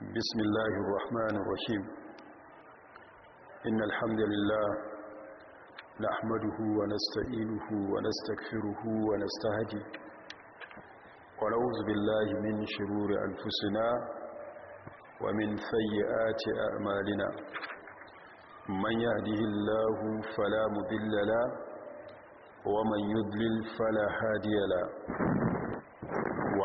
بسم الله الرحمن الرحيم إن الحمد لله نحمده ونستعينه ونستكفره ونستهدي ونعوذ بالله من شرور أنفسنا ومن سيئات أعمالنا من يهده الله فلا مضل له ومن يضلل فلا هادي له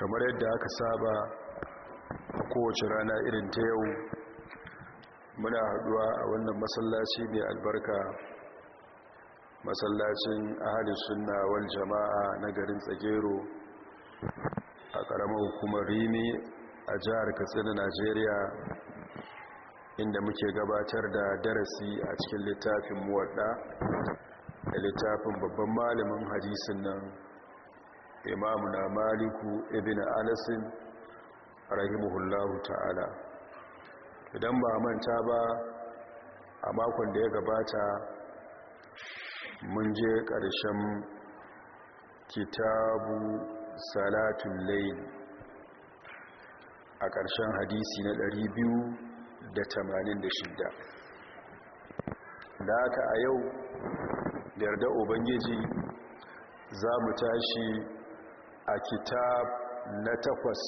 kamar yadda aka saba a kowace rana irin ta yau muna haɗuwa a wannan masallaci mai albarka masallacin ahalin suna wal jama'a na garin tsagero a ƙaramar hukumar rimi a jihar katsina najeriya inda muke gabatar da darasi a cikin littafin muwadda da littafin babban malamin hadisin nan imamuna maliku ibn anasin rahimuhullahu ta'ala idan ba manta ba a makon da ya gabata mun je ƙarshen kitabu salatun layin a ƙarshen hadisi na 286 da haka a yau yarda ubangiji za mu tashi a kitab na takwas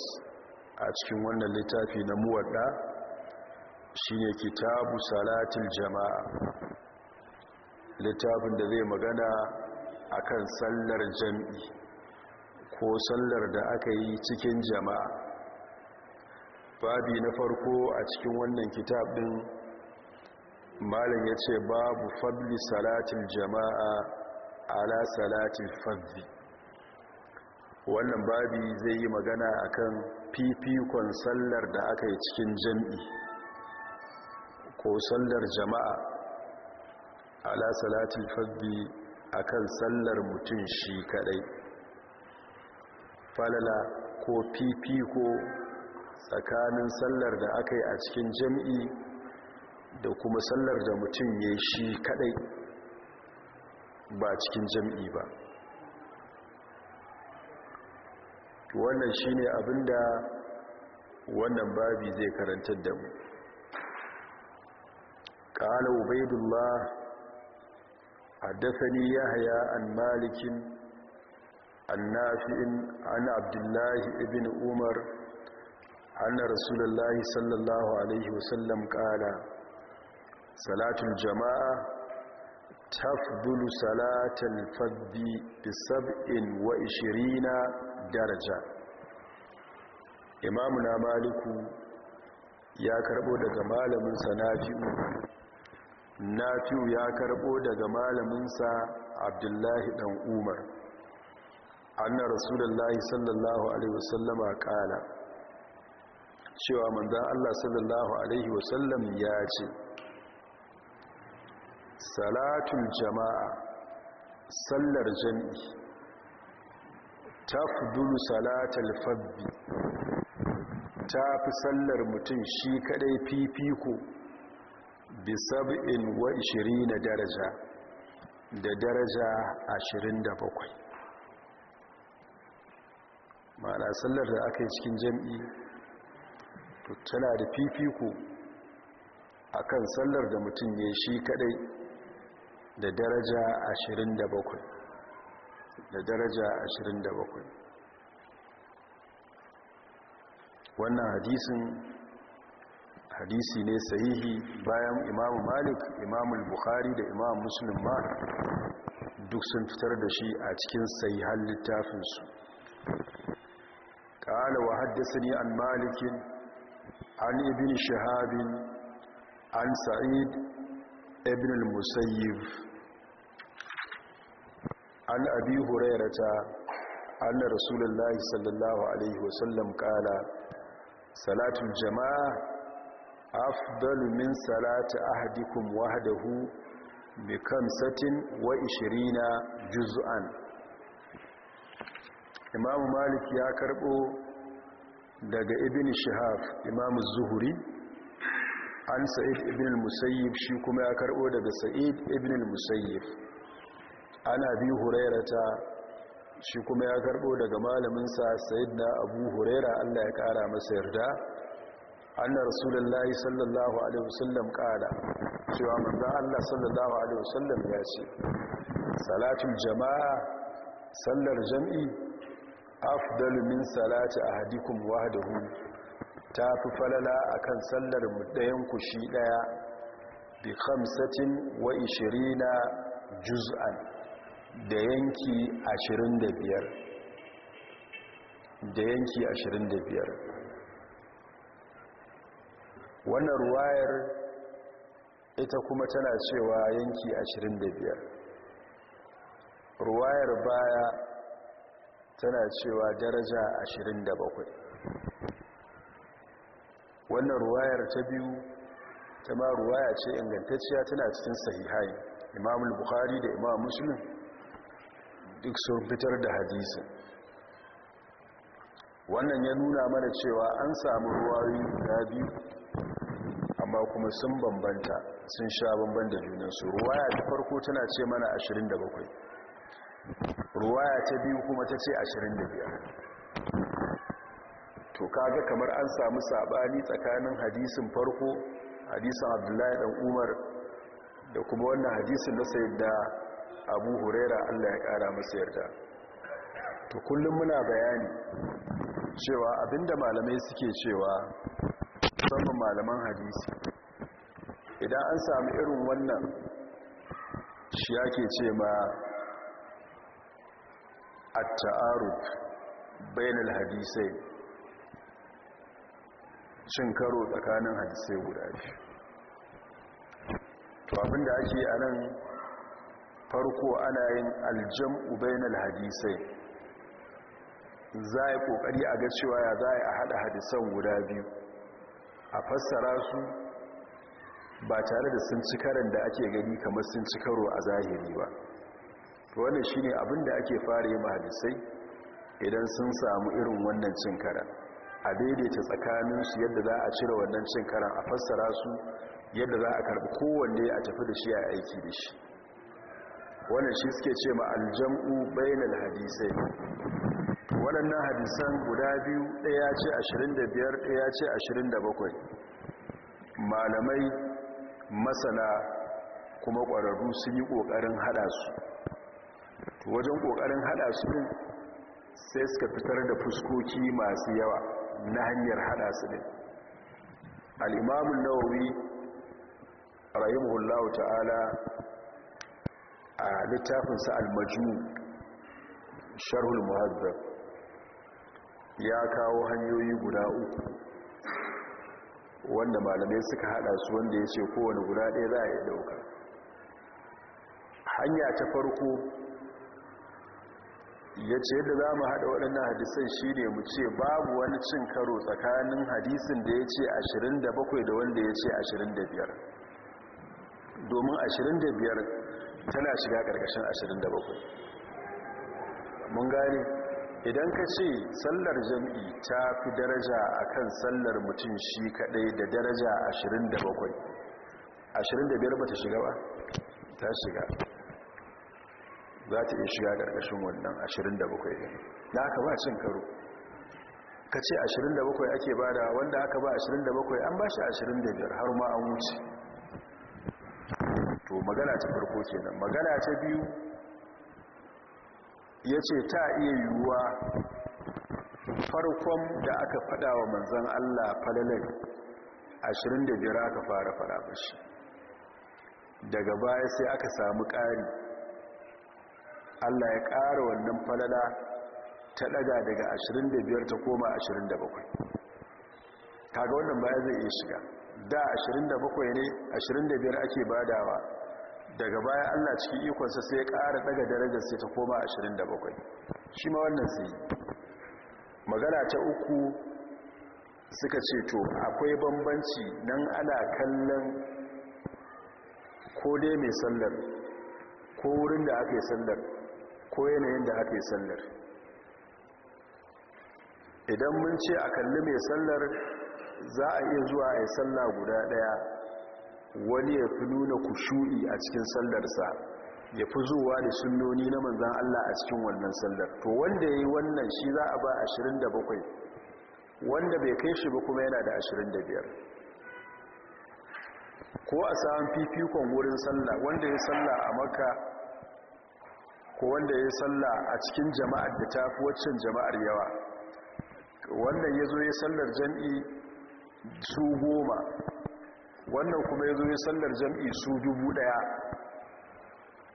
a cikin wannan littafi na muwadda shine kitabu salatin jama'a littafin da zai magana akan sallar jam'i ko sallar da aka yi cikin jama'a babi na farko a cikin wannan kitab din malam ya ce babu fadli salatin jama'a ala salatin fadli wannan babi zai yi magana akan fifikon sallar da aka yi cikin jami'i, ko sallar jama'a ala salatin a akan sallar mutum shi kadai falala ko fifiko tsakanin sallar da aka yi a cikin jami'i, da kuma sallar da mutum ya shi kadai ba cikin jami'i ba wannan shi ne abinda wannan babi zai karantar da mu ƙala ubaidullah a dafani yahaya an malikin annafi'in an abdullahi ibn umar anna rasulallahi sallallahu alaihi wasallam ƙala salatun jama'a تفضل صلاة الفضل بسبع وإشرين daraja imamu na maliku ya karbo daga malaminsa nafi'u nafi'u ya karbo daga malaminsa abdullahi dan umar anna rasulullahi sallallahu alaihi wasallama kala cewa manzan allah sallallahu alaihi wasallam ya ce salatul jama'a sallar jami'i tafdulu salatal fabbi ta fi sallar mutum shi kadai fifiko bi sab'in wa 20 daraja da daraja 27 ma'ana sallar da aka yi cikin jam'i to tana da fifiko akan sallar da mutum ya shi kadai da daraja 27 da daraja 27 wannan hadisin hadisi ne sahihi bayan imamu malik imamu bukhari da imamu muslim ma duk sun fitar da shi a cikin sahihan littafinsu قال وحدثني عن مالك عن ابن شهاب عن سعيد ابن المسيب an abi hurairata anna rasulullahi sallallahu alaihi wasallam kala salatul jama'a afdalu min salati ahadikum wahdahu bi kamsatin wa 20 juz'an imamu malik ya karbo daga ibn shihab imamu zuhuri an sa'id ibn al-musayyib shi kuma ya karbo daga sa'id ibn al-musayyib ana bi ta, shi kuma ya karbo daga malaminsa sayyidina abu huraira allah ya kara masa yarda anna rasulullahi sallallahu alaihi wasallam kala cewa manzo allah sallallahu alaihi wasallam ya ce salatul jama'a sallar jam'i afdal min salati ahadikum wahdahu ta fi falala a kan sallar ɗayan ku shi ɗaya bi 25 juz'an da yanki 25 da yanki 25 wannan ruwayar ita kuma tana cewa yanki 25 ruwayar baya tana cewa daraja 27 wannan ruwayar ta biyu ta ma ruwaya ce ingantacciya tana cikin sahihai imamul bukhari da imam musulun duk sun fitar da hadisin wannan ya nuna mana cewa an samu ruwayi guda biyu amma kuma sun bambanta sun sha bamban da junansu ruwaya ta farko tana ce mana 27 ruwaya ta biyu kuma ta ce 25 to kaga kamar an samu sabani tsakanin hadisin farko hadisin abdullahi dan umar da kuma wannan hadisin na sayyida abu huraira allah ya kara masu yarda to kullum muna bayani cewa abinda malamai suke cewa musamman malaman hadisi idan an sami irin wannan shi yake ce ma a ta'aruf bainal hadisai cin karo tsakanin hadisai guda shi. abinda ake a nan farko ana yin aljam bainal hadisai za a yi kokari a ga cewa ya za a hada hadisan guda biyu a fassara su ba tare da sun ci da ake gani kamar sun ci karo a zahiri ba wannan shine abin da ake fara yi hadisai idan sun samu irin wannan cin karen, a daidaita tsakaninsu yadda za a cire wannan cin karen, a fassara su yadda za a karbi kowanne a tafi da shi a aiki da shi wannan shi suke ce ma aljam'u bainal hadisai Wannan hadisan guda biyu ɗaya ce 25 ɗaya ce 27 malamai masana kuma ƙwararru sun yi ƙoƙarin haɗa su wajen ƙoƙarin haɗa su sai suka fitar da fuskoki masu yawa na hanyar haɗa su ne al'imamun nawawi rahimahullahu ta'ala a littafinsa al-majmu sharhul muhazzab ya kawo hanyoyi guda uku wanda malamai suka hada su wanda ya ce kowane guda ɗaya za a yi ɗauka hanya ta farko ya ce yadda za mu haɗa waɗannan hadisai shi ne mu ce babu wani cin karo tsakanin hadisin da ya ce 27 da wanda ya ce 25 domin 25 tana shiga ƙarƙashin 27 mun gane idan ka ce sallar jam'i ta fi daraja a kan sallar mutum shi kaɗai da daraja 27 25 ba ta shiga ba ta shiga za ta iya shiga ƙarƙashin wannan 27 ne da aka ba cin karo ka ce 27 ake da wanda aka ba 27 an ba shi 25 har ma an wuce to magana ta farko nan, magana ta biyu ya ce ta iya yiwuwa farkon da aka fada wa manzan Allah falalai jira aka fara fara bashi daga baya sai aka samu ƙari Allah ya ƙara wannan falala ta ɗaga daga ashirin da biyar ta koma ashirin da bakwai kaga wannan baya zai iya shiga da ashirin da bakwai ne ashirin da biyar ake badawa daga baya Allah cikin ikonsa sai ya ƙara daga darajar sai ta koma 27 shi ma wannan sai magana ta uku suka ce to akwai bambanci nan ana kallon ko dai mai sallar ko wurin da aka yi sallar ko yanayin da aka yi sallar idan mun ce a kalli mai sallar za a iya zuwa a yi sallah guda ɗaya wani ya fi nuna kushu'i a cikin sallarsa ya fi zuwa da sunnoni na manzan Allah a cikin wannan sallar to wanda ya yi wannan shi za a ba 27 wanda bai kai shi ba kuma yana da 25 ko a samun fifikon wurin sallah wanda ya sallah a maka ko wanda ya sallah a cikin jama'ar da ta fi waccan jama'ar yawa wannan ya zo ya sallar jan'i su goma wannan kuma ya zo ya sallar jam'i su dubu ɗaya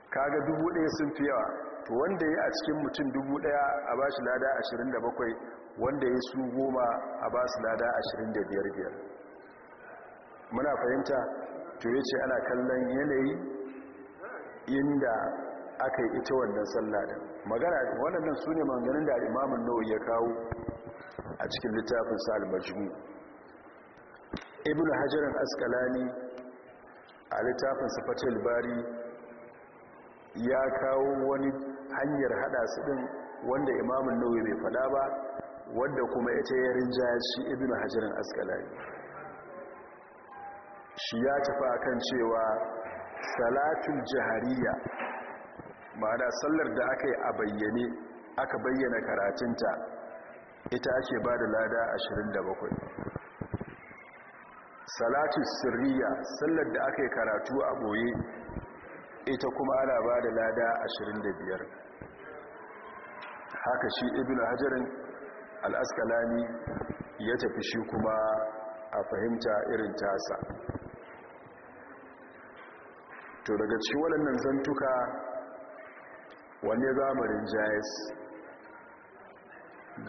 kaga dubu ɗaya sun fi yawa to wanda ya a cikin mutum dubu ɗaya a ba shi lada ashirin da bakwai wanda ya su goma a ba su lada ashirin da biyar biyar muna fahimta to ya ce ana kallon yanayi inda aka yi ita wannan sallah magana waɗannan su ne manganin da al'imamin nau'i ya kawo a cikin littafin sa'ad majmu ibn hajjarin askalani a littafin sifatul bari ya kawo wani hanyar hada su din wanda imamun nauyi bai fada ba wadda kuma ya ce ya rinjaya shi ibn hajjarin askalani shi ya tafi kan cewa salatun jihariya ma'ana sallar da aka yi a bayyane aka bayyana karatunta ita ake ba da lada 27 salatu sirriya sallar da aka yi karatu a boye ita kuma ana ba da lada 25 haka shi ibn hajjarin al'askalani ya tafi shi kuma a fahimta irin tasa to daga ci waɗannan zantuka wanne zama jayas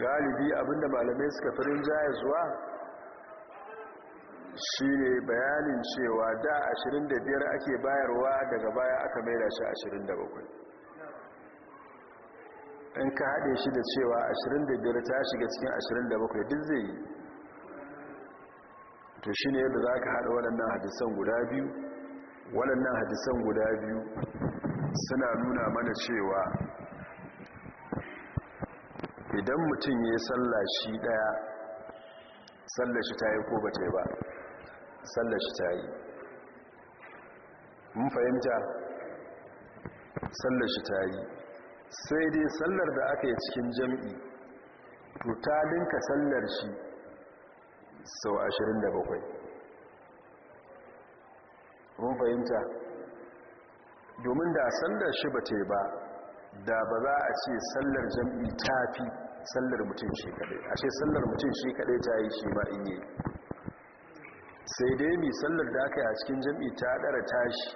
galibi abinda malamai suka fi wa? shi ne bayanin cewa da 25 ake bayarwa daga baya aka maida shi 27 in ka haɗe shi da cewa 25 ta shiga cikin 27 duk zai yi to shi ne yadda za ka haɗa waɗannan hadisan guda biyu waɗannan hadisan guda biyu suna nuna mana cewa idan mutum ya yi shi ɗaya sallashi ta yi ko ba ta yi ba sallar shi ta yi mun fahimta sallar shi ta yi sai dai sallar da aka yi cikin jam'i to ta dinka sallar shi sau 27 mun fahimta domin da sallar shi ba yi ba da ba za a ce sallar jam'i ta fi sallar mutum shi a ce sallar mutum shi kaɗai ta yi shi ma in sai dai mai sallar da aka yi a cikin jam'i ta ɗara tashi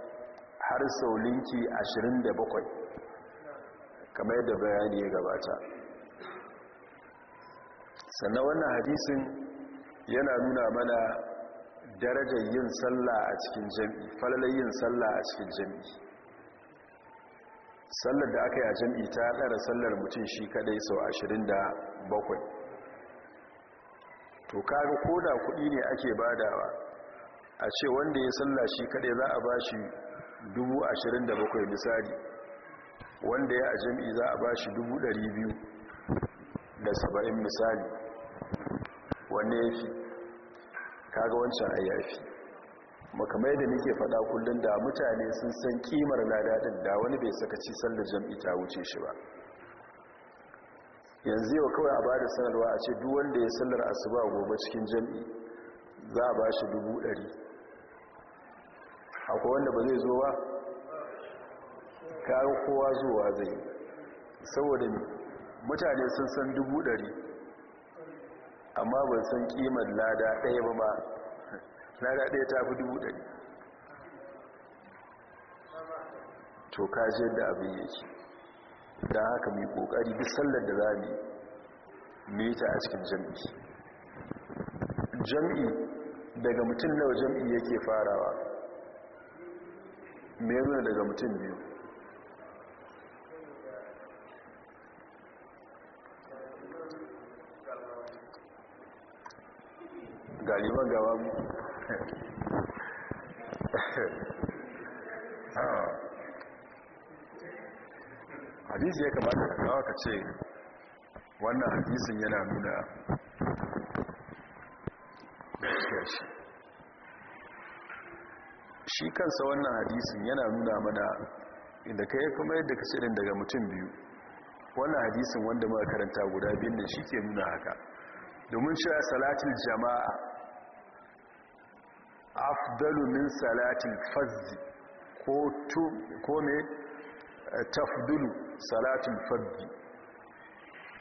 har sau linki 27 kamar yadda bayani ya gabata sannan wannan hadisin yana nuna mana darajar yin sallah a cikin jam'i falalar yin sallah a cikin jam'i sallar da aka yi a jam'i ta ɗara sallar mutum shi kadai sau 27 to kaga koda kuɗi ne ake badawa a ce wanda ya salla shi kaɗai za a ba shi 27,000 misali wanda ya a jami'i za a ba shi 270 misali wanda ya fi kaga wancan a ayyafi makamai da nike faɗa kullum da mutane sun san kimar ladadin da wani bai sakaci sallar jam'i ta wuce shi ba yanzu yau kawai a ba da sanarwa a ce duk wanda ya sallar asuba gobe cikin jami'i, za a ba shi dubu ɗari akwai wanda ba zai zo ba kayan kowa zuwa zai saboda mutane sun san dubu dari, amma ban san kimar lada ɗaya ba ba lada ɗaya ta fi dubu dari. to kashe da abin yake don haka mai ƙoƙari duk sallar da za mita a cikin jam'i jam'i daga mutum nawa jam'i yake farawa mai nuna daga mutum biyu galiba gaba mu hadisi ya kamata ka kawo ka ce wannan hadisin yana nuna shi shi kansa wannan hadisin yana nuna mana inda ka yi kuma yadda ka sirin daga mutum biyu wannan hadisin wanda muka karanta guda biyun da shi ke nuna haka domin cewa salatin jama'a afdalu min salatin fazzi ko ne tafdulu salatin fazzi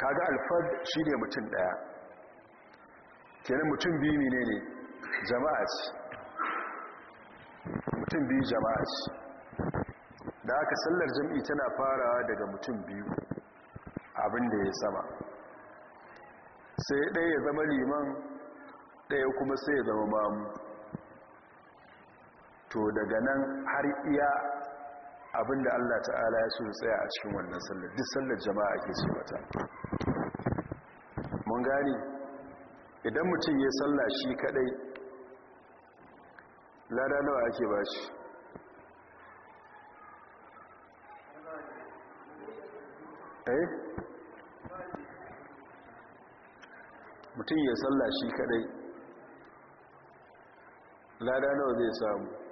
kaga alfaz shi ne mutum daya kenan mutum biyu ne ne jama'a ce mutum biyu jama'a ce da aka sallar jam'i tana farawa daga mutum biyu abinda ya sama sai ɗaya zama liman ɗaya kuma sai ya zama mamu to daga nan har iya abinda Allah ta'ala ya so tsaya a cikin wannan sallar duk sallar jama'a ke ce mata mun gane idan mutum ya salla shi kadai lada nawa ake ba shi eh mutum ya salla shi kadai lada nawa zai samu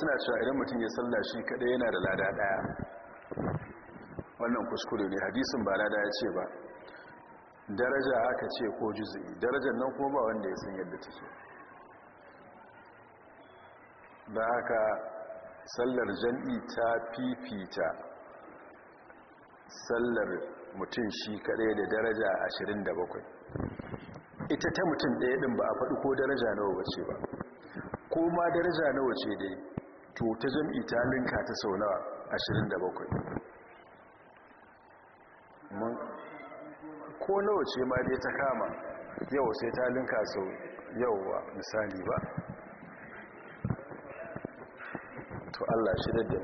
suna cewa idan mutum ya salla shi kadai yana da lada ɗaya wannan kuskure ne hadisin ba lada ya ce ba daraja aka ce ko juzi, darajar nan kuma ba wanda ya san yadda take da haka sallar jan'i ta fifita sallar mutum shi kadai da daraja 27 ita ta mutum ɗaya din ba a faɗi ko daraja nawa ba ce ba ko ma daraja nawa ce dai to ta jam'i ta linka ta sau na 27 ko nawa ce ma dai ta kama yau sai ta linka sau yau wa misali ba to Allah shi da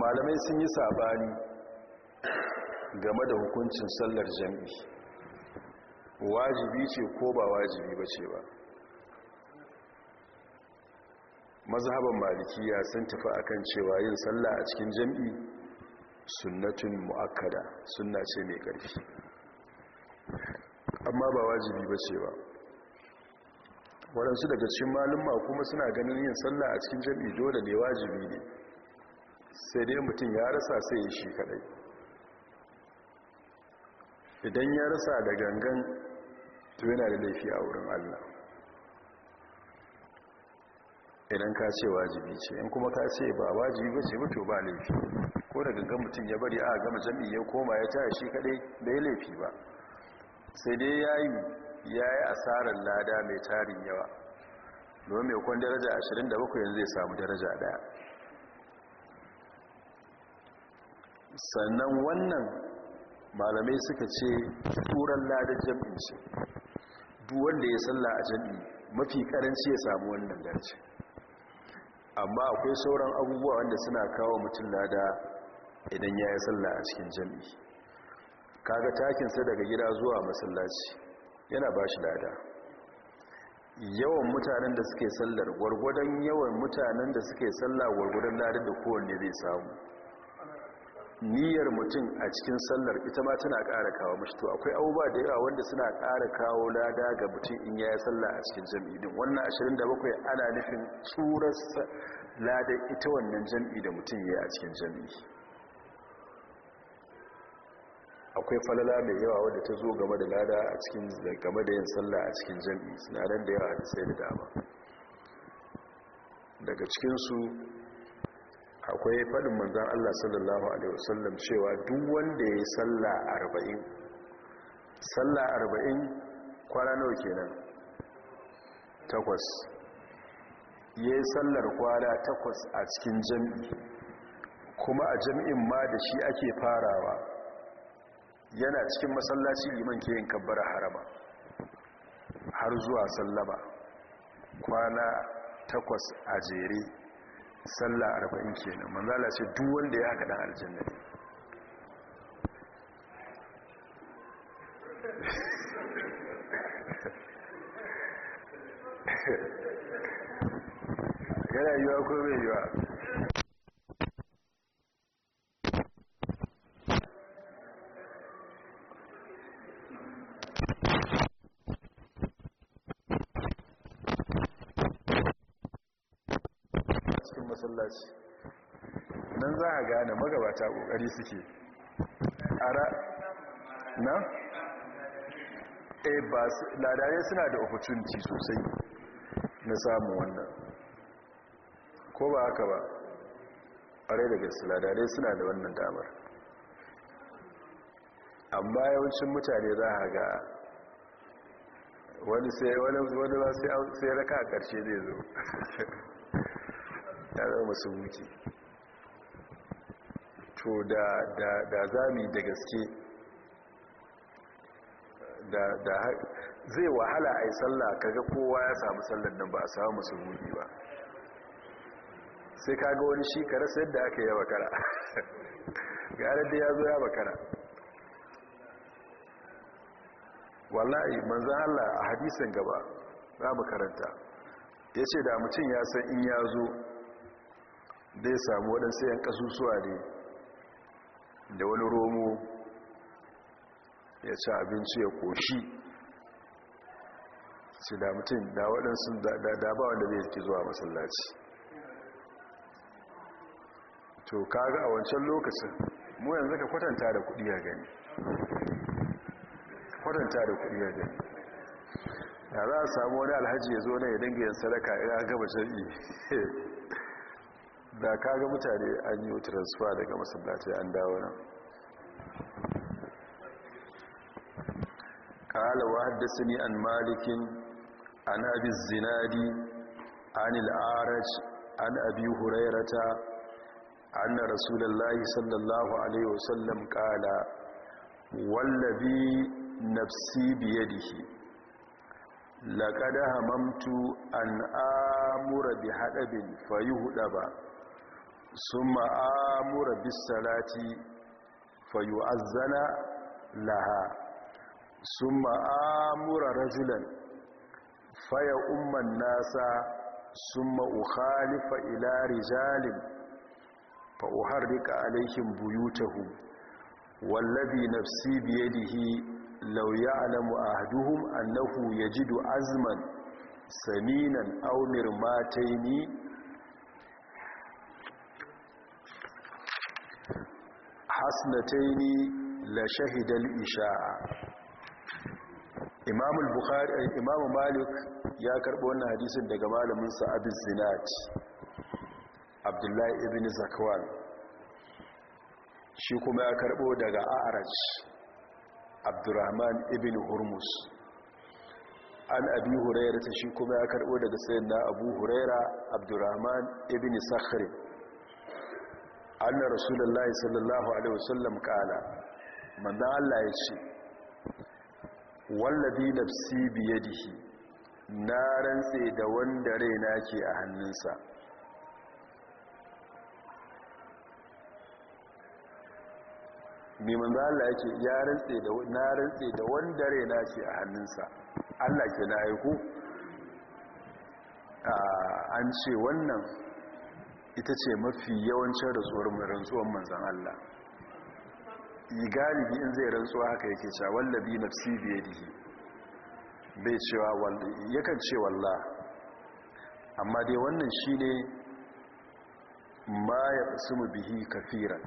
malamai sun yi sabani game da hukuncin sallar jami'i wajibi ce ko ba wajibi ba ce ba mazhaban malikiya sun tafi akan cewa yin sallah a cikin jam'i sunnatun mu'akkada sunna ce mai ƙarfi amma ba wajibi ba cewa. ba waɗansu daga cikin malumma kuma suna ganin yin sallah a cikin jam'i dole ne wajibi ne sai dai mutum ya rasa sai ya shi kaɗai idan ya rasa da gangan to yana da laifi a wurin allah idan ka ce wajibi ce in kuma ka ce ba wajibi ba ce mutu ba laifi ko da gangan mutum ya bari a gama jami'i ya koma ya ta shi kaɗai da ya laifi ba sai dai ya yi ya yi asarar lada mai tarin yawa domin mai kwan daraja 27 yanzu ya samu daraja daya sannan wannan malamai suka ce turan ladar jami'i ce duwanda wanda ya salla a jami'i mafi karanci ya samu wannan darajin amma akwai sauran abubuwa wanda suna kawo mutum lada idan ya yi sallah a cikin jami'i kaga takinsa daga gida zuwa masallaci yana ba shi lada yawan mutanen da suke sallar gwargwadon yawan mutanen da suke sallah gwargwadon ladar da kowanne zai samu niyyar mutum a cikin sallar ita ma tana ƙara kawo mashi to akwai abubuwa da yawa wanda suna ƙara kawo lada ga mutum in ya yi sallah a cikin jam'i din wannan bakwai ana nufin tsurar lada ita wannan jam'i da mutum ya yi a cikin jam'i akwai falala mai yawa wadda ta zo game da lada a cikin game da yin sallah a cikin jam'i sinadar da yawa da sai da dama daga cikinsu akwai faɗin manzan Allah sallallahu Alaihi wasallam cewa duk wanda ya yi salla arba'in salla arba'in kwana kenan takwas ya yi sallar kwana takwas a cikin jam'i kuma a jam'in ma da shi ake farawa yana cikin masallaci liman ke yin kabbar harama har zuwa sallama kwana takwas a jere sallah arba'in kenan manzala ce duk wanda ya haka aljanna ne yana yiwa ko bai yiwa masallaci nan za a gane magabata kokari suke ara na eh ba ladare suna da opportunity sosai na samu wannan ko ba haka ba are da gaske ladare suna da wannan damar amma yawancin mutane za a ga wani sai wani sai raka a ƙarshe zai zo ya zama su wuki to da zami da gaske da zai wahala a yi tsalla kaga kowa ya samu tsallar nan ba a samu su ba sai kaga wani shi kare sai yadda aka yi bakara gare da ya zo ya bakara wallahi manzan Allah a hadisin gaba za mu karanta ya ce da mutum ya san in ya zo zai samu waɗansu yan ƙasusuwa ne da wani romo ya ci abinci ya ƙoshi su da mutum da waɗansu da ba wanda zai ke zuwa masallaci to kaga a wancan lokacin mu yanzu ka kwatanta da kuɗi ya gani kwatanta da kuɗi ya gani da za a samu wani alhaji ya zo na ya dinga yin sadaka ya gaba shari'i da ga mutane an yi transfer daga masallaci an dawo nan qala an malikin an abi zinadi an al-araj an abi hurairata anna rasulullahi sallallahu alaihi wasallam qala wallabi nafsi biyadihi laqad hamamtu an amura bi hadabin fayuhdaba sun ma'amura bisalati fayu'azzana laha sun ma'amura rajulan faya umman nasa sun ma'ukhalifa ila rijalin fa'uharrika alaikin buyutahu wallabi nafsi biyadihi لو يعلم أهدهم أنه يجد عزما سمينا أو مرماتين asnataini la shahidal isha'a imam bukhari imam malik ya karbo wannan hadisin daga malamin sa abin zinat abdullahi ibn zakwan shi kuma ya karbo daga a'raj abdurrahman ibn hurmus an abi hurairah shi kuma ya karbo daga sayyidina abu hurairah abdurrahman ibn sakhr annar rasulullahi sallallahu alaihi wasallam kala manzan Allah ya ce wallabi nafsi biyadihi na rantse da wanda raina ke a hannunsa mai manzan Allah ya ce na rantse da wanda raina ke a hannunsa Allah ke na haiku ah, an ce wannan ita ce mafi yawancin rantsuwar mai rantsuwar manzan Allah galibi in zai rantsuwa haka yake cewa wallabi da yi bai cewa yakan ce walla amma dai wannan shi ne ma ya mu bihi kafiran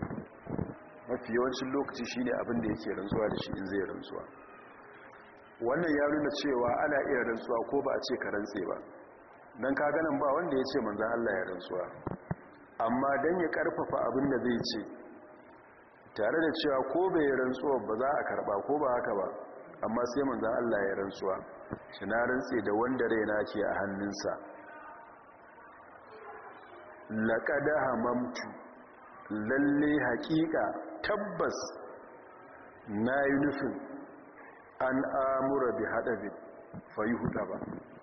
mafi yawancin lokaci shine ne abinda yake rantsuwa da shi in zai rantsuwa wannan ya nuna cewa ana iya rantsuwa ko ba a ce ka rantse ba don ka ganin ba wanda ya ce manzan Allah ya rantsuwa amma don ya karfafa abin da zai ce tare da cewa ko bai rantsuwa ba za a karba ko ba haka ba amma sai manzan Allah ya rantsuwa shi na rantse da wanda raina ke a hannunsa laƙada hamamtu lalle haƙiƙa tabbas na yi nufin an amura bi haɗa bi fayi huɗa ba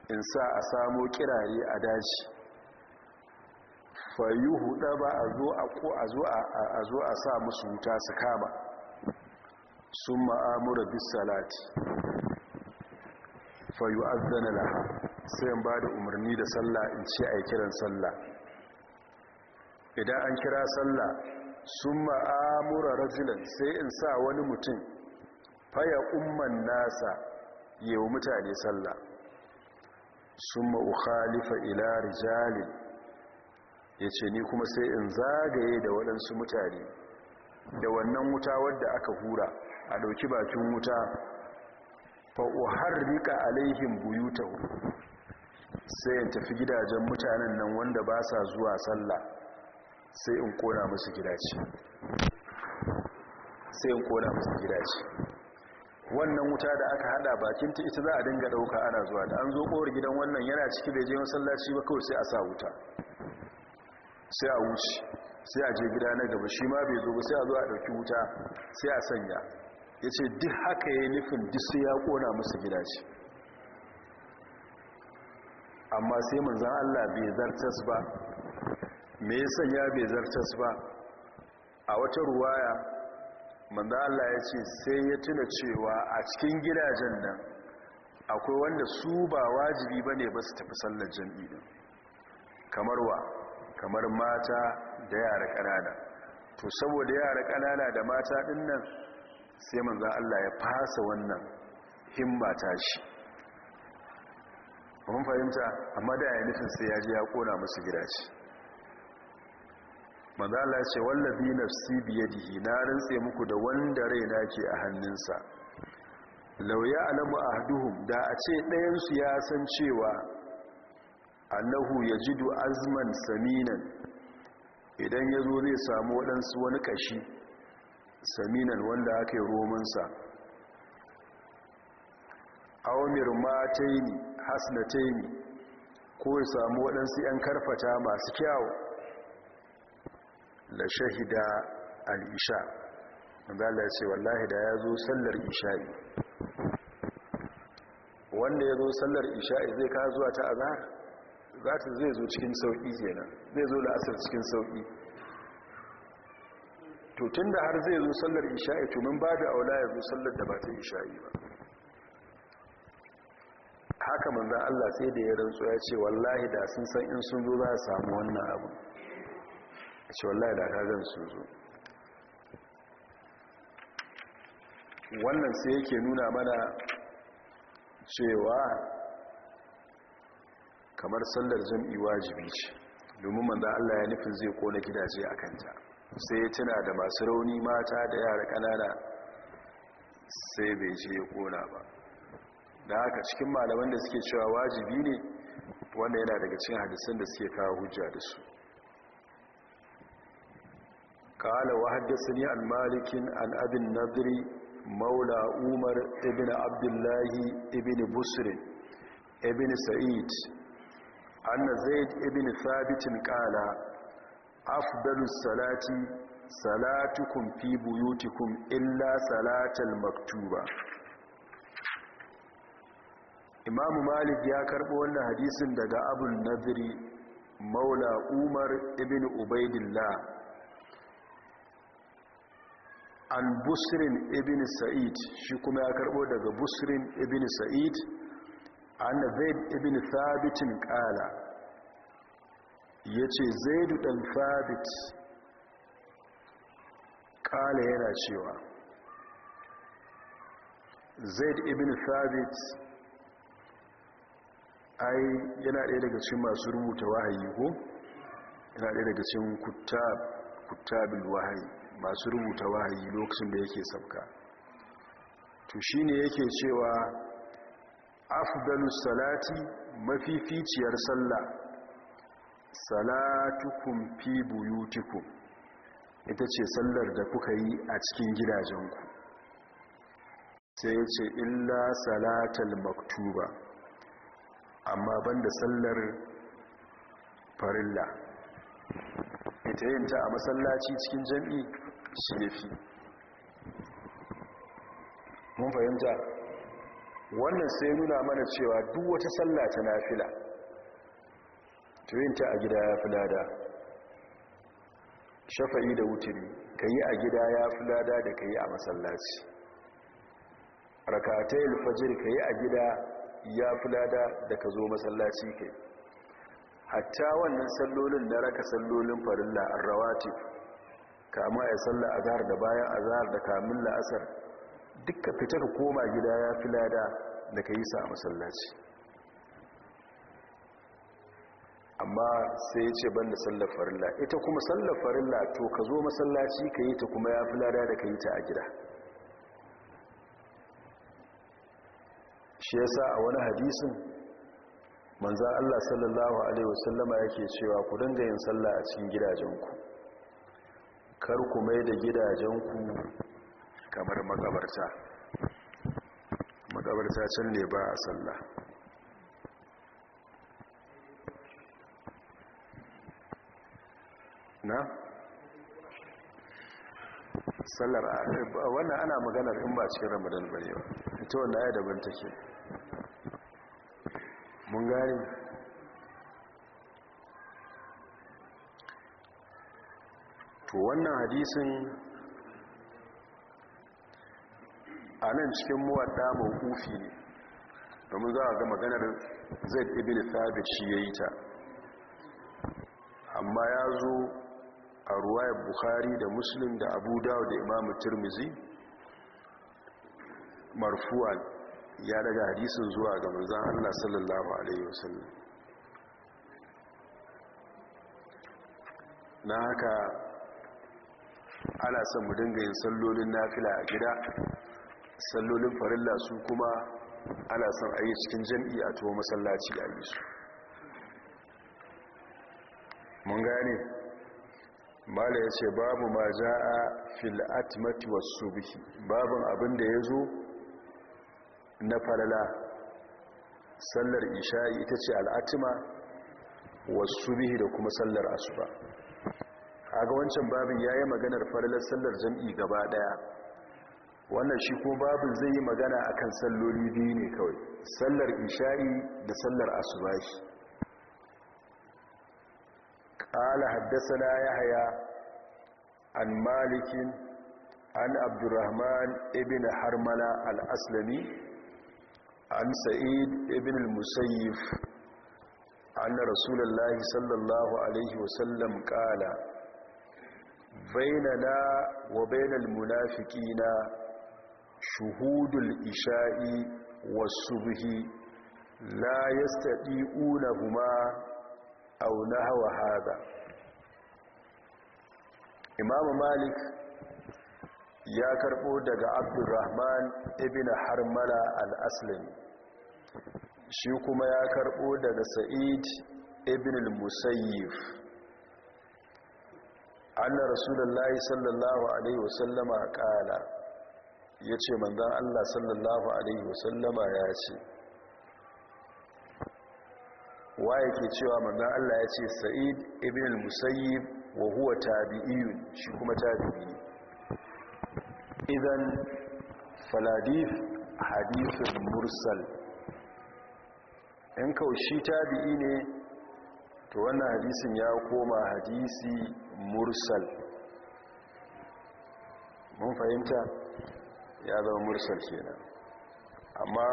in sa a samo kirare a dashi fayyuhu ba a zo a ko a zo a a zo sa musu wuta su kama sun ma'amura bisalati fayu azana laha sai ba da umarni da sallah in ce a yi kiran sallah idan an kira sallah sun ma'amura rajulan sai in sa wani mutum faya umman nasa yi wa mutane sallah sun ma'ukhalifa ila rijalin ya ce ni kuma sai in zagaye da waɗansu mutane da wannan wuta wadda aka hura a ɗauki bakin wuta har rika alaihin buyuta sai in tafi gidajen mutanen nan wanda ba sa zuwa sallah sai in kona musu gidaje sai in kona musu wannan wuta da aka hada bakin ta ita za a dinga ɗauka ana zuwa da an zo kowar gidan wannan yana ciki bai je masallaci ba kawai sai a sa wuta sai a wuce sai a je gida na gaba shi ma bai zo ba sai a zo a ɗauki wuta sai a sanya ya ce duk haka ya yi nufin duk sai ya ƙona musu gida ce amma sai manzan Allah bai zartas ba me ya sanya bai zartas ba a wata ruwaya manzan Allah ya ce sai ya tuna cewa a cikin gidajen nan akwai wanda su ba wajibi ba ne ba su tafi sallar jam'i kamar wa kamar mata da yara ƙanana to saboda yara ƙanana da mata ɗin nan sai maza Allah ya fasa wannan himma ta shi mun fahimta amma da ya nufin sai ya ji ya kona musu gidaje manzan Allah ce wallabi nafsi yadihi na rantse muku da wanda raina ke a hannunsa lauya alamu ahduhum da a ce su ya san cewa annahu ya jidu azman saminan idan ya zo zai samu waɗansu wani ƙashi saminan wanda aka yi romansa awamir mataini hasnataini ko ya samu waɗansu 'yan karfata masu kyawu la shahida al'isha zala ya ce wallahi da ya zo sallar isha'i wanda ya zo sallar isha'i zai ka zuwa ta azahar bukatun zai zo cikin sauƙi kenan zai zo la'asar cikin sauƙi to tun da har zai zo sallar isha'i to mun ba da aula ya zo sallar da ba ta isha'i ba haka manzan Allah sai da ya rantsu ya ce wallahi da sun san in sun zo za a samu wannan abu a ce wallahi da zan sun zo wannan sai yake nuna mana cewa kamar sallar jam'i wajibi ce domin manzan Allah ya nufin zai kona gidaje a kanta sai ya tuna da masu rauni mata da yara ƙanana sai bai je ya kona ba da haka cikin malaman da suke cewa wajibi ne wanda yana daga cikin hadisan da suke kawo hujja da su قال وحدثني عن مالك عن أبي النضر مولى عمر ابن عبد الله ابن بسر ابن سعيد anna zaid ibn thabit qala afdalus salati salatukum fi buyutikum illa salatal maktuba imamu malik ya karɓo wannan hadisin daga abul nadiri maula umar ibn ubaidillah an busrin ibn sa'id shi kuma ya karɓo daga busrin ibn sa'id anna zaid ibn thabit ya ce zaid dan sabit qala yana cewa zaid ibn sabit ai yana ɗaya daga cikin masu rubuta wahayi ko yana ɗaya daga cikin kuttab wahayi masu rubuta wahayi lokacin da yake sabka to shine yake cewa afdalu salati mafificiyar sallah salatukum fi buyutikum ita ce sallar da kuka yi a cikin gidajenku sai ya ce illa salatal maktuba amma banda sallar farilla ita yin ta a masallaci cikin jam'i shi mun fahimta wannan sai nuna mana cewa duk wata sallah ta nafila tuyinta a gida ya fi lada shafa'i da wuturi ka yi a gida ya fi lada da ka yi a masallaci rakatai alfajir ka yi a gida ya fi lada da ka zo masallaci kai. hatta wannan sallolin na raka sallolin la'arrawa ce kama ya salla zahar da bayan zahar da kamun la'asar dukka fita ka koma gida ya fi lada da ka yi sa a masallaci amma sai ya ce ban da sallar farilla ita kuma sallar farilla to ka zo masallaci ka yi ta kuma ya fi lada da ka yi ta a gida shi yasa a wani hadisin manzan Allah sallallahu Alaihi wasallama yake cewa ku dinga yin sallah a cikin gidajenku kar ku mai da gidajenku kamar makabarta makabarta can ne ba a sallah na sallar wannan ana maganar in ba cikin ramadan bane ba ita wanda ya daban take mun gani to wannan hadisin a nan cikin muwadda kufi ne domin za a ga maganar zaid ibn sabi shi ya yi ta amma ya zo a ruwayar bukhari da muslim da abu dawo da imamu turmizi marfuwan ya daga hadisin zuwa ga manzan allah sallallahu alaihi wasallam na haka ana son mu dinga yin sallolin nafila a gida sallolin farilla su kuma ana son a yi cikin jam'i a tuwa masallaci a yi su mun gane mala ya ce babu ma za a fil'atmati wasu biki babin abin da ya zo na falala sallar isha'i ita ce al'atima wasu bihi da kuma sallar asuba a ga wancan babin ya yi maganar falalar sallar jam'i gaba ɗaya. wannan shi ko babu zai yi magana akan salloli biyu ne kawai sallar isha'i da sallar asubashi qala haddathana yahaya an malikin an abdurrahman ibn harmala al-aslami an sa'id ibn al an Rasulallah sallallahu alaihi wasallam qala bainana wa bainal munafiqina shuhudul isha'i wasubhi la yastadi'una huma aw nahwa hada imam malik ya karɓo daga abdurrahman ibn harmala al-aslami shi kuma ya karɓo daga sa'id ibn al-musayyib anna rasulullahi sallallahu alaihi wasallama kala ya ce manzan Allah sallallahu Alaihi wasallama ya ce ya ke cewa manzan Allah ya ce sa'id ibn al-musayyib wa huwa tabi'iyu shi kuma tabi'i idan faladif hadithun mursal in kaushi tabi'i ne to wannan hadisin ya koma hadisi mursal mun fahimta ya zama mursal kenan amma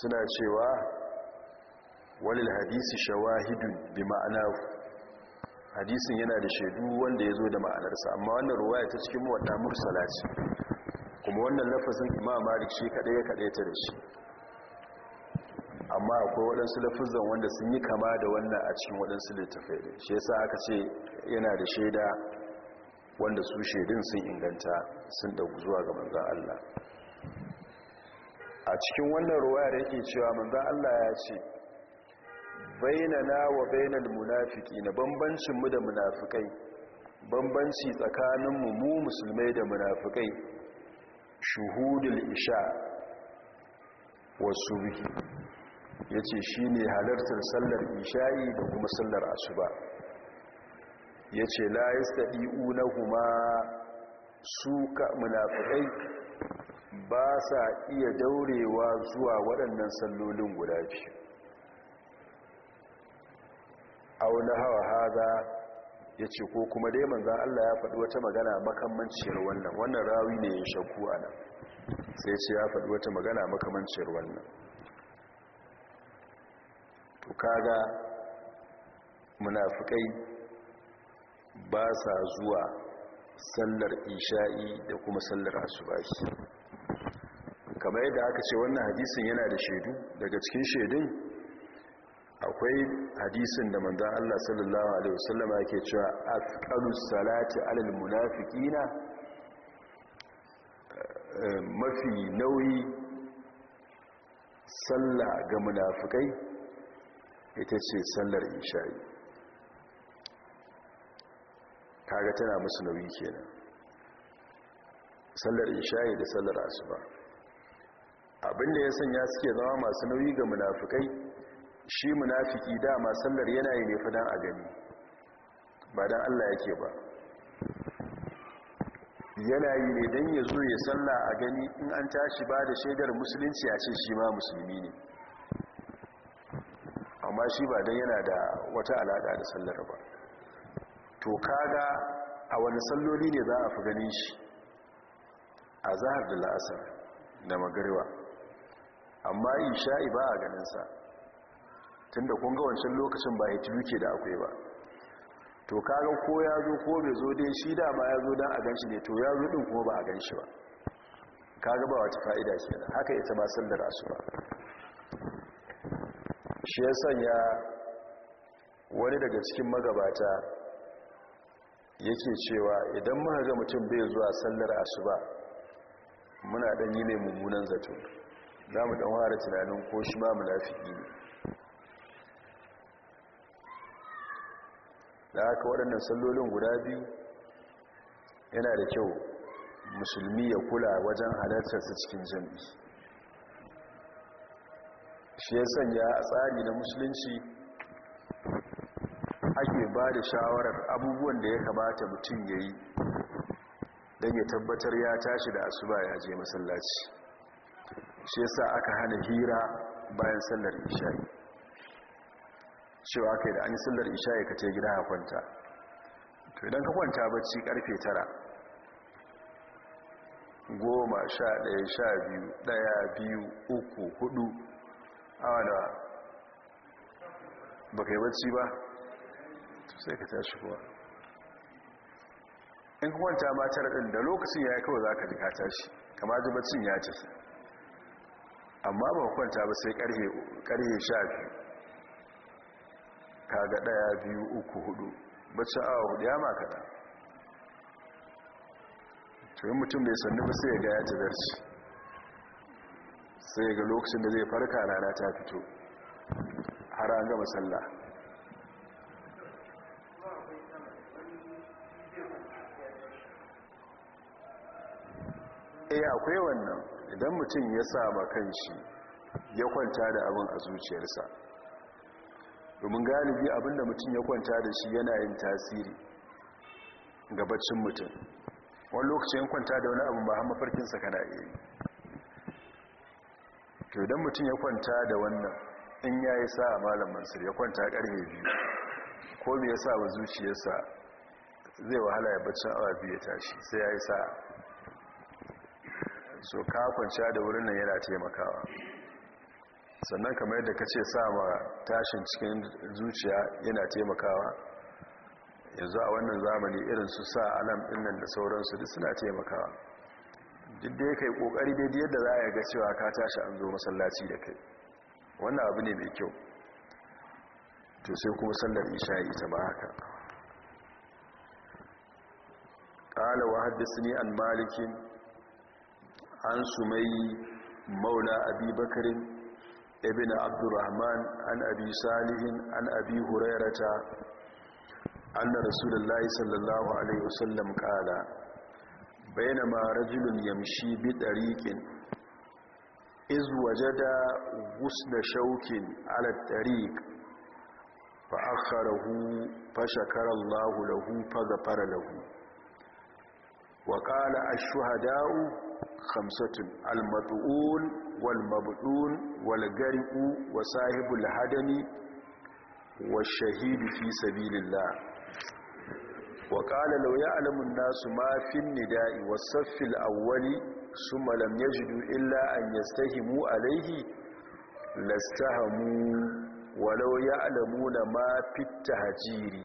suna cewa walil hadisi shawahidun bi ma'ana hadisin yana da shaidu wanda ya zo da ma'anarsa amma wannan ruwaya ta cikin wata mursala ce kuma wannan lafazin imam malik shi kadai ya kadai ta da shi amma akwai waɗansu lafazan wanda sun yi kama da wannan a cikin waɗansu littafai shi yasa aka ce yana da shaida wanda su shaidun sun inganta sun ɗauki zuwa ga manzan Allah a cikin wannan ruwa da yake cewa manzan Allah ya ce bainana wa bainal munafiki na bambancinmu da munafikai bambanci tsakaninmu mu musulmai da munafikai shuhudul isha wa subhi yace shine halartar sallar isha'i da kuma sallar asuba ya ce layis da kuma su munafikai ba sa iya daurewa zuwa waɗannan sallolin guda biyu auna hawa haza ya ce ko kuma dai manzan Allah ya faɗi wata magana makamanciyar wannan wannan rawi ne ya shakku a nan sai ce ya faɗi wata magana makamanciyar wannan to kaga munafukai. ba sa zuwa sallar isha'i da kuma sallar asubashi. kamar yadda aka ce wannan hadisin yana da shaidu daga cikin shaidun akwai hadisin da manzan Allah sallallahu alaihi wasallama yake cewa afqalus salati alal munafikina mafi nauyi sallah ga munafikai ita ce sallar isha'i kaga tana musu nauyi kenan sallar isha'i da sallar asuba abin da ya sanya suke zama masu nauyi ga munafikai shi munafiki dama sallar yana yi nefa a gani ba don allah yake ba yana ne don ya zo ya salla a gani in an tashi ba da shaidar musulunci a ce shi ma musulmi ne amma shi ba don yana da wata alaƙa da sallar ba to kaga a wani salloli ne za a fi ganin shi a zahar da la'asar da magariwa amma sha'i ba a ganinsa tun da kunga wancan lokacin ba ya tuke da akwai ba to kaga ko ya zo ko bai zo dai shi dama ya zo don a ganshi ne to ya zo din kuma ba a ganshi ba kaga ba wata fa'ida ke haka ita ba sallar asuba shi ya sanya wani daga cikin magabata yake cewa idan muna ga mutum bai zuwa sallar asuba muna dan yi ne mummunan zato za mu dan ware tunanin ko shi ma munafiki ne da haka waɗannan sallolin guda biyu yana da kyau musulmi ya kula wajen halartar su cikin jami'i shi ya sanya a tsari na musulunci ba da shawarar abubuwan da ya kamata mutum ya yi don ya tabbatar ya tashi da asuba ya je masallaci shi yasa aka hana hira bayan sallar isha'i cewa kai da an yi sallar isha'i ka ce gida a kwanta to idan ka kwanta bacci karfe tara goma sha ɗaya sha biyu ɗaya biyu uku hudu awa da ba kai bacci ba sai ka tashi kuwa in kwanta matar ɗin da lokacin ya yi kawai za ka ji ka tashi kama ji bacin ya ce amma ba kwanta ba sai karye sha biyu ka ga ɗaya biyu uku hudu bacci awa hudu ya ma kaɗa tuyin mutum bai sannu ba sai ya ga ya zarci sai ga lokacin da zai farka rana ta fito har an gama sallah eh akwai wannan idan mutum ya sama kanshi ya kwanta da abin a zuciyarsa domin galibi abinda mutum ya kwanta da shi yana yin tasiri ga baccin mutum wani lokacin kwanta da wani abu ba hama farkinsa kana iya yi to idan mutum ya kwanta da wannan in ya yi sa a malam mansur ya kwanta karfe biyu ko me ya sa wa zuciyarsa zai wahala ya baccin awa biyu ya tashi sai ya yi sa'a so ka kwanci da wurin nan yana taimakawa sannan kamar yadda ka ce sama tashin cikin zuciya yana taimakawa yanzu a wannan zamani irin su sa alam ɗinnan da sauransu duk suna taimakawa duk da ya kai ƙoƙari daidai yadda za a ga cewa ka tashi an zo masallaci da kai wannan abu ne mai kyau to sai kuma sallar isha'i ta ba haka ƙala wa haddasa ni an an mai maula abi bakarin ibn abdurrahman an abi salihin an abi hurairata anna rasulullahi sallallahu alaihi wasallam kala bainama rajulun yamshi bi tariqin iz wajada gusda shaukin ala tariq fa akharahu fa shakara Allahu lahu fa ghafara lahu wa qala ash-shuhada'u khamsatun al-mat'un wal mabdun wal wa sahibul hadami wa shahidu fi sabilillah wa qala law ya'lamu an-nasu ma fi an-nida'i was-saff al-awwali thumma lam yajidu illa an yastahimu alayhi lastahamu walau ya'lamuna ma fi at-tahjiri